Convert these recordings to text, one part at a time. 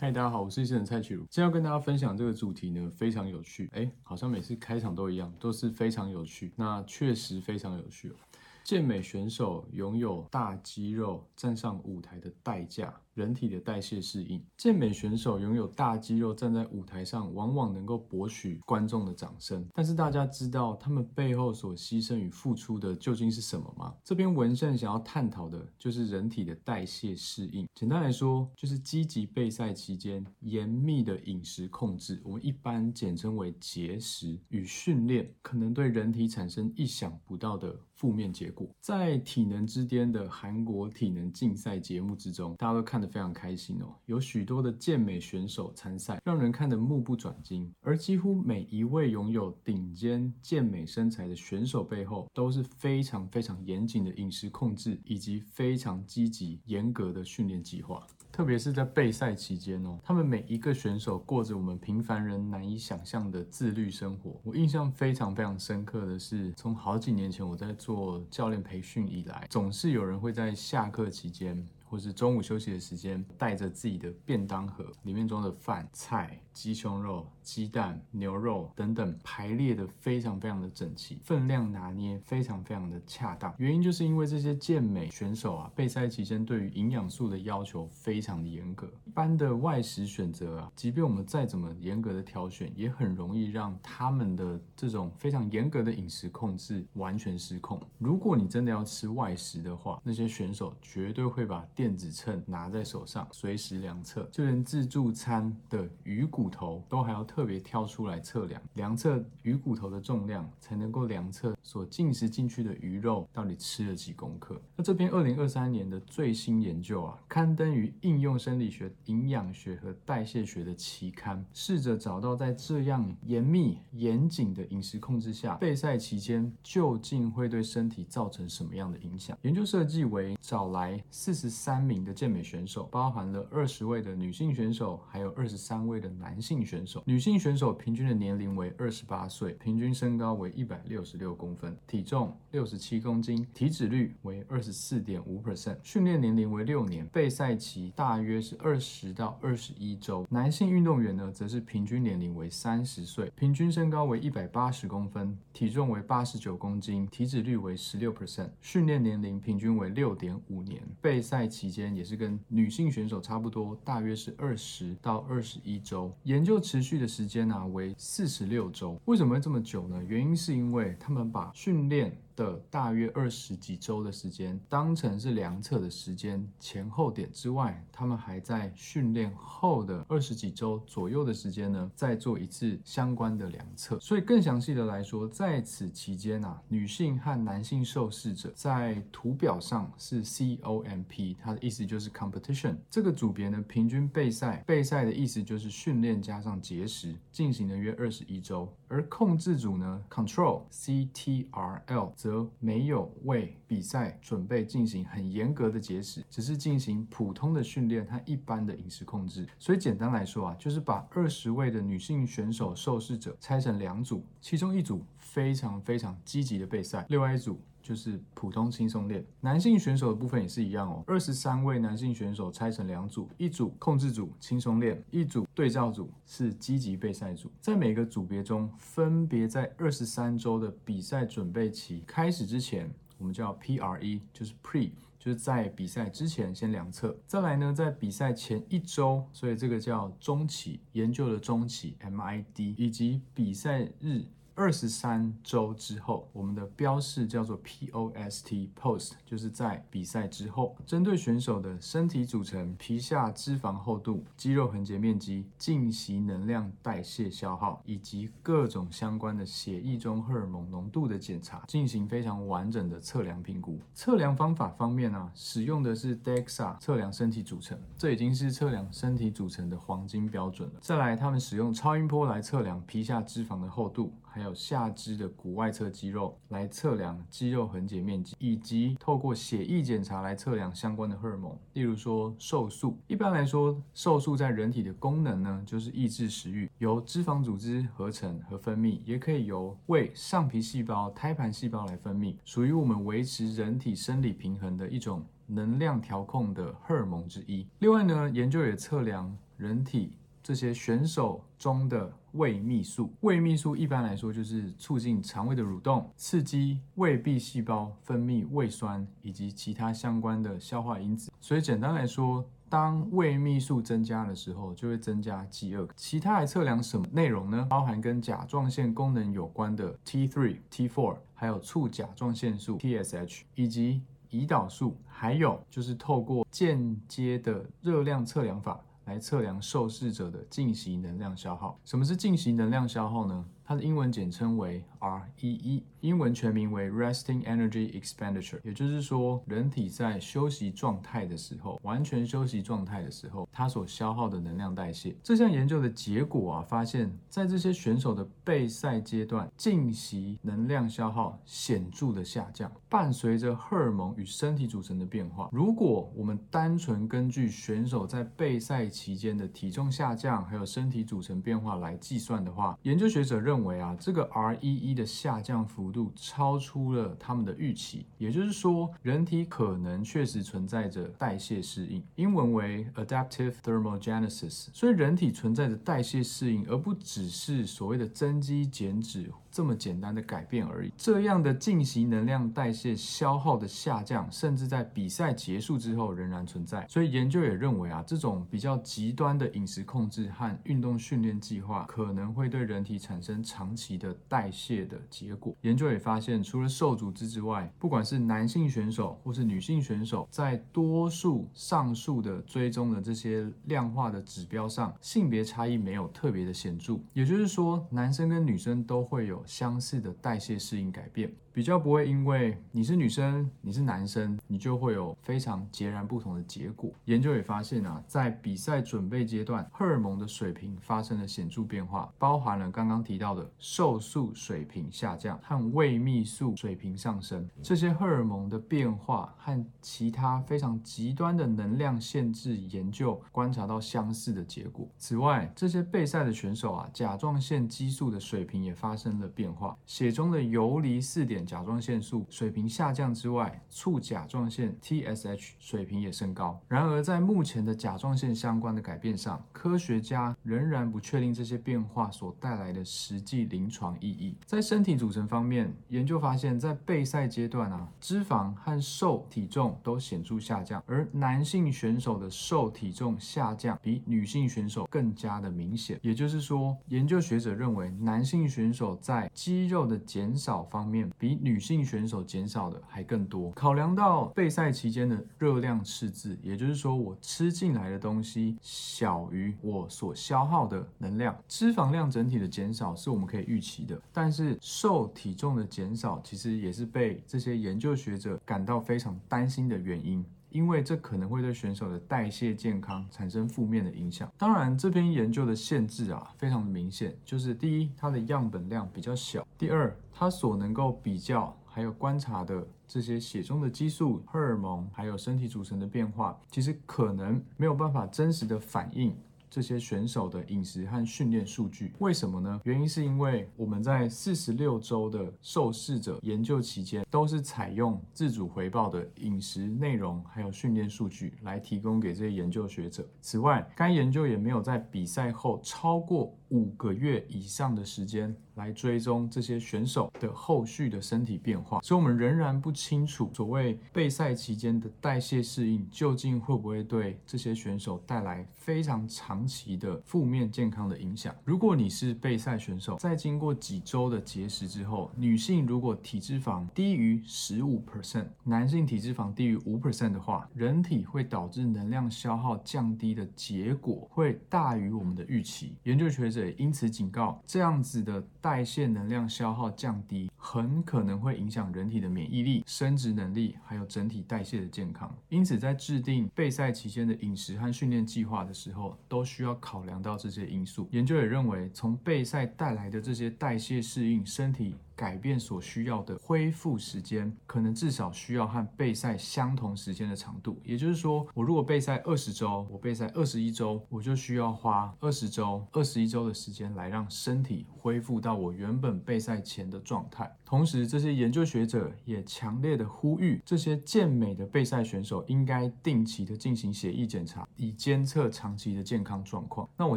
嗨，Hi, 大家好，我是主持人蔡奇儒。今天要跟大家分享這個主題呢，非常有趣。哎、欸，好像每次開場都一樣，都是非常有趣。那確實非常有趣哦。健美選手擁有大肌肉，站上舞台的代價。人體的代謝適應，健美選手擁有大肌肉，站在舞台上往往能夠博取觀眾的掌聲。但是大家知道他們背後所犧牲與付出的究竟是什麼嗎？這篇文獻想要探討的就是人體的代謝適應。簡單來說，就是積極備賽期間嚴密的飲食控制，我們一般簡稱為節食與訓練，可能對人體產生意想不到的負面結果。在體能之巔的韓國體能競賽節目之中，大家都看得，非常開心哦，有許多的健美選手參賽，讓人看得目不轉睛。而幾乎每一位擁有頂尖健美身材的選手背後，都是非常非常嚴謹的飲食控制，以及非常積極嚴格的訓練計劃。特別是在備賽期間哦，他們每一個選手過着我們平凡人難以想象的自律生活。我印象非常非常深刻的是，從好幾年前我在做教練培訓以來，總是有人會在下課期間，或是中午休息的時間，帶着自己的便當盒，裡面裝的飯菜、雞胸肉、雞蛋、牛肉等等，排列得非常非常的整齊，分量拿捏非常非常的恰當。原因就是因為這些健美選手啊，備賽期間對於營養素的要求非常的嚴格。一般的外食選擇啊，即便我們再怎麼嚴格的挑選，也很容易讓他們的這種非常嚴格的飲食控制完全失控。如果你真的要吃外食的話，那些選手絕對會把，電子秤拿在手上，隨時量測，就連自助餐的魚骨頭都還要特別挑出來測量，量測魚骨頭的重量，才能夠量測所進食進去的魚肉到底吃了幾公克。那這篇二零二三年的最新研究啊，刊登於應用生理學、營養學和代謝學的期刊，試着找到在這樣嚴密嚴謹的飲食控制下，備賽期間究竟會對身體造成什麼樣的影響？研究設計為找來四十四。三名的健美選手，包含了二十位的女性選手，還有二十三位的男性選手。女性選手平均的年齡為二十八歲，平均身高為一百六十六公分，體重六十七公斤，體脂率為二十四點五 percent，訓練年齡為六年，備賽期大約是二十到二十一周。男性運動員呢，則是平均年齡為三十歲，平均身高為一百八十公分，體重為八十九公斤，體脂率為十六 percent，訓練年齡平均為六點五年，備賽期。期間也是跟女性選手差不多，大約是二十到二十一周。研究持續的時間呢、啊、為四十六周。為什麼會這麼久呢？原因是因為他們把訓練。的大約二十幾周的時間當成是量測的時間前後點之外，他們還在訓練後的二十幾周左右的時間呢，再做一次相關的量測。所以更詳細的來說，在此期間啊，女性和男性受試者在圖表上是 C O M P，它的意思就是 competition 這個組別呢，平均備賽，備賽的意思就是訓練加上節食，進行了約二十一周，而控制組呢，control C T R L。則沒有為比賽準備進行很嚴格的節食，只是進行普通的訓練和一般的飲食控制。所以簡單來說啊，就是把二十位的女性選手受試者拆成兩組，其中一組非常非常積極的備賽，另外一組。就是普通輕鬆練，男性選手的部分也是一樣哦。二十三位男性選手拆成兩組，一組控制組輕鬆練，一組對照組是積極備賽組。在每個組別中，分別在二十三週的比賽準備期開始之前，我們叫 PRE，就是 PRE，就是在比賽之前先量測。再來呢，在比賽前一週，所以這個叫中期研究的中期 MID，以及比賽日。二十三週之後，我們的標示叫做 post，post，就是在比賽之後，針對選手的身體組成、皮下脂肪厚度、肌肉橫截面積、靜息能量代謝消耗以及各種相關的血液中荷爾蒙濃度的檢查，進行非常完整的測量評估。測量方法方面呢、啊，使用的是 DEXA 測量身體組成，這已經是測量身體組成的黃金標準了。再來，他們使用超音波來測量皮下脂肪的厚度。還有下肢的股外側肌肉來測量肌肉橫截面積，以及透過血液檢查來測量相關的荷爾蒙，例如說瘦素。一般來說，瘦素在人體的功能呢，就是抑制食慾，由脂肪組織合成和分泌，也可以由胃上皮細胞、胎盤細胞來分泌，屬於我們維持人體生理平衡的一種能量調控的荷爾蒙之一。另外呢，研究也測量人體。這些選手中的胃泌素，胃泌素一般來說就是促進腸胃的蠕動，刺激胃壁細胞分泌胃酸以及其他相關的消化因子。所以簡單來說，當胃泌素增加的時候，就會增加飢餓。其他還測量什麼內容呢？包含跟甲狀腺功能有關的 T3、T4，還有促甲狀腺素 TSH，以及胰島素，還有就是透過間接的熱量測量法。來測量受試者的靜息能量消耗。什麼是靜息能量消耗呢？它的英文簡稱為 REE，英文全名為 Resting Energy Expenditure，也就是說，人體在休息狀態的時候，完全休息狀態的時候，它所消耗的能量代謝。這項研究的結果啊，發現，在這些選手的備賽階段，靜息能量消耗顯著的下降，伴隨着荷爾蒙與身體組成的變化。如果我們單純根據選手在備賽期間的體重下降，還有身體組成變化來計算的話，研究學者認為，認為啊，這個 REE 的下降幅度超出了他們的預期，也就是說，人體可能確實存在着代謝適應，英文為 Adaptive Thermogenesis，所以人體存在着代謝適應，而不只是所謂的增肌減脂。這麼簡單的改變而已，這樣的靜息能量代謝消耗的下降，甚至在比賽結束之後仍然存在。所以研究也認為啊，這種比較極端的飲食控制和運動訓練計劃可能會對人體產生長期的代謝的結果。研究也發現，除了瘦組織之外，不管是男性選手或是女性選手，在多數上述的追蹤的這些量化的指標上，性別差異沒有特別的顯著。也就是說，男生跟女生都會有相似的代謝適應改變。比較不會因為你是女生，你是男生，你就會有非常截然不同的結果。研究也發現啊，在比賽準備階段，荷爾蒙的水平發生了顯著變化，包含了剛剛提到的瘦素水平下降和胃泌素水平上升。這些荷爾蒙的變化和其他非常極端的能量限制研究觀察到相似的結果。此外，這些備賽的選手啊，甲狀腺激素的水平也發生了變化，血中的游離四點。甲狀腺素水平下降之外，促甲狀腺 TSH 水平也升高。然而，在目前的甲狀腺相關的改變上，科學家仍然不確定這些變化所帶來的實際臨床意義。在身體組成方面，研究發現，在備賽階段啊，脂肪和瘦體重都顯著下降，而男性選手的瘦體重下降比女性選手更加的明顯。也就是說，研究學者認為，男性選手在肌肉的減少方面比比女性選手減少的還更多。考量到備賽期間的熱量赤字，也就是說我吃進來的東西小於我所消耗的能量，脂肪量整體的減少是我們可以預期的。但是瘦體重的減少，其實也是被這些研究學者感到非常擔心的原因。因為這可能會對選手的代謝健康產生負面的影響。當然，這篇研究的限制啊，非常的明顯，就是第一，它的樣本量比較小；第二，它所能夠比較還有觀察的這些血中的激素、荷爾蒙，還有身體組成的變化，其實可能沒有辦法真實的反映。這些選手的飲食和訓練數據，為什麼呢？原因是因為我們在46週的受試者研究期間，都是採用自主回報的飲食內容，還有訓練數據來提供給這些研究學者。此外，該研究也沒有在比賽後超過五個月以上的時間來追蹤這些選手的後續的身體變化，所以我們仍然不清楚所謂備賽期間的代謝適應究竟會不會對這些選手帶來非常長期的負面健康的影響。如果你是備賽選手，在經過幾周的節食之後，女性如果體脂肪低於十五 percent，男性體脂肪低於五 percent 的話，人體會導致能量消耗降低的結果會大於我們的預期。研究學者。因此，警告這樣子的代謝能量消耗降低，很可能會影響人體的免疫力、生殖能力，還有整體代謝的健康。因此，在制定備賽期間的飲食和訓練計劃的時候，都需要考量到這些因素。研究者認為，從備賽帶來的這些代謝適應、身體改變所需要的恢復時間，可能至少需要和備賽相同時間的長度。也就是說，我如果備賽二十周，我備賽二十一周，我就需要花二十周、二十一周。的時間來讓身體恢復到我原本備賽前的狀態。同時，這些研究學者也強烈的呼籲，這些健美的備賽選手應該定期的進行血液檢查，以監測長期的健康狀況。那我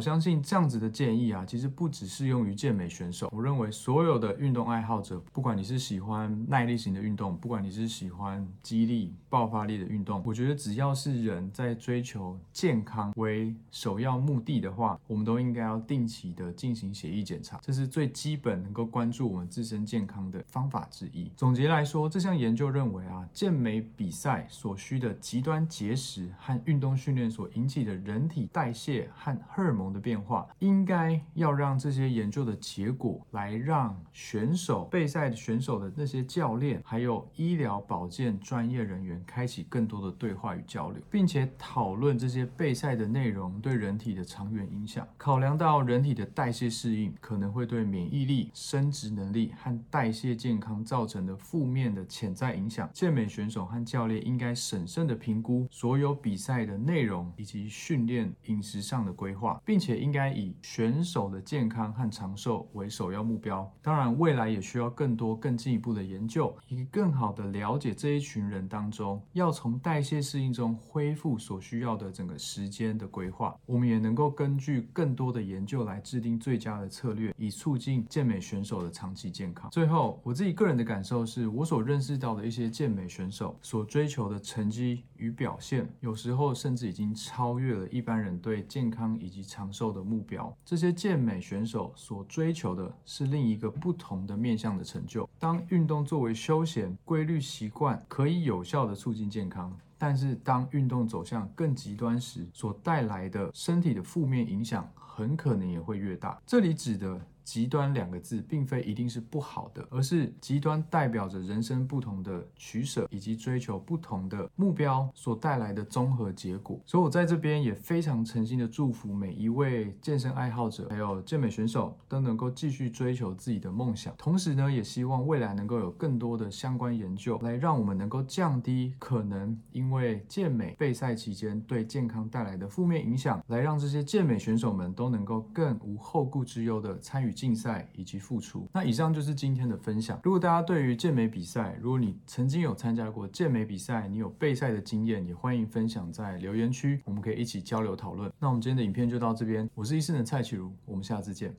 相信這樣子的建議啊，其實不只適用於健美選手。我認為所有的運動愛好者，不管你是喜歡耐力型的運動，不管你是喜歡肌力、爆發力的運動，我覺得只要是人在追求健康為首要目的的話，我們都應該要定期。的進行血液檢查，這是最基本能夠關注我們自身健康的方法之一。總結來說，這項研究認為啊，健美比賽所需的極端節食和運動訓練所引起的人體代謝和荷爾蒙的變化，應該要讓這些研究的結果來讓選手、備賽選手的那些教練，還有醫療保健專業人員開啟更多的對話與交流，並且討論這些備賽的內容對人體的長遠影響。考量到人體。的代謝適應可能會對免疫力、生殖能力和代謝健康造成的負面的潛在影響。健美選手和教練應該審慎的評估所有比賽的內容以及訓練飲食上的規劃，並且應該以選手的健康和長壽為首要目標。當然，未來也需要更多更進一步的研究，以更好的了解這一群人當中要從代謝適應中恢復所需要的整個時間的規劃。我們也能夠根據更多的研究來制定最佳的策略，以促進健美選手的長期健康。最後，我自己個人的感受是，我所認識到的一些健美選手所追求的成績與表現，有時候甚至已經超越了一般人對健康以及長壽的目標。這些健美選手所追求的是另一個不同的面向的成就。當運動作為休閒規律習慣，可以有效地促進健康；但是，當運動走向更極端時，所帶來的身體的負面影響。很可能也會越大。這裡指的極端兩個字，並非一定是不好的，而是極端代表着人生不同的取捨以及追求不同的目標所帶來的綜合結果。所以，我在這邊也非常誠心的祝福每一位健身愛好者，還有健美選手，都能夠繼續追求自己的夢想。同時呢，也希望未來能夠有更多的相關研究，來讓我們能夠降低可能因為健美備賽期間對健康帶來的負面影響，來讓這些健美選手們都能夠更無後顧之憂的參與，競賽以及付出。那以上就是今天的分享。如果大家對於健美比賽，如果你曾經有參加過健美比賽，你有備賽的經驗，也歡迎分享在留言區，我們可以一起交流討論。那我們今天的影片就到這邊，我是醫適能的蔡奇儒，我們下次見。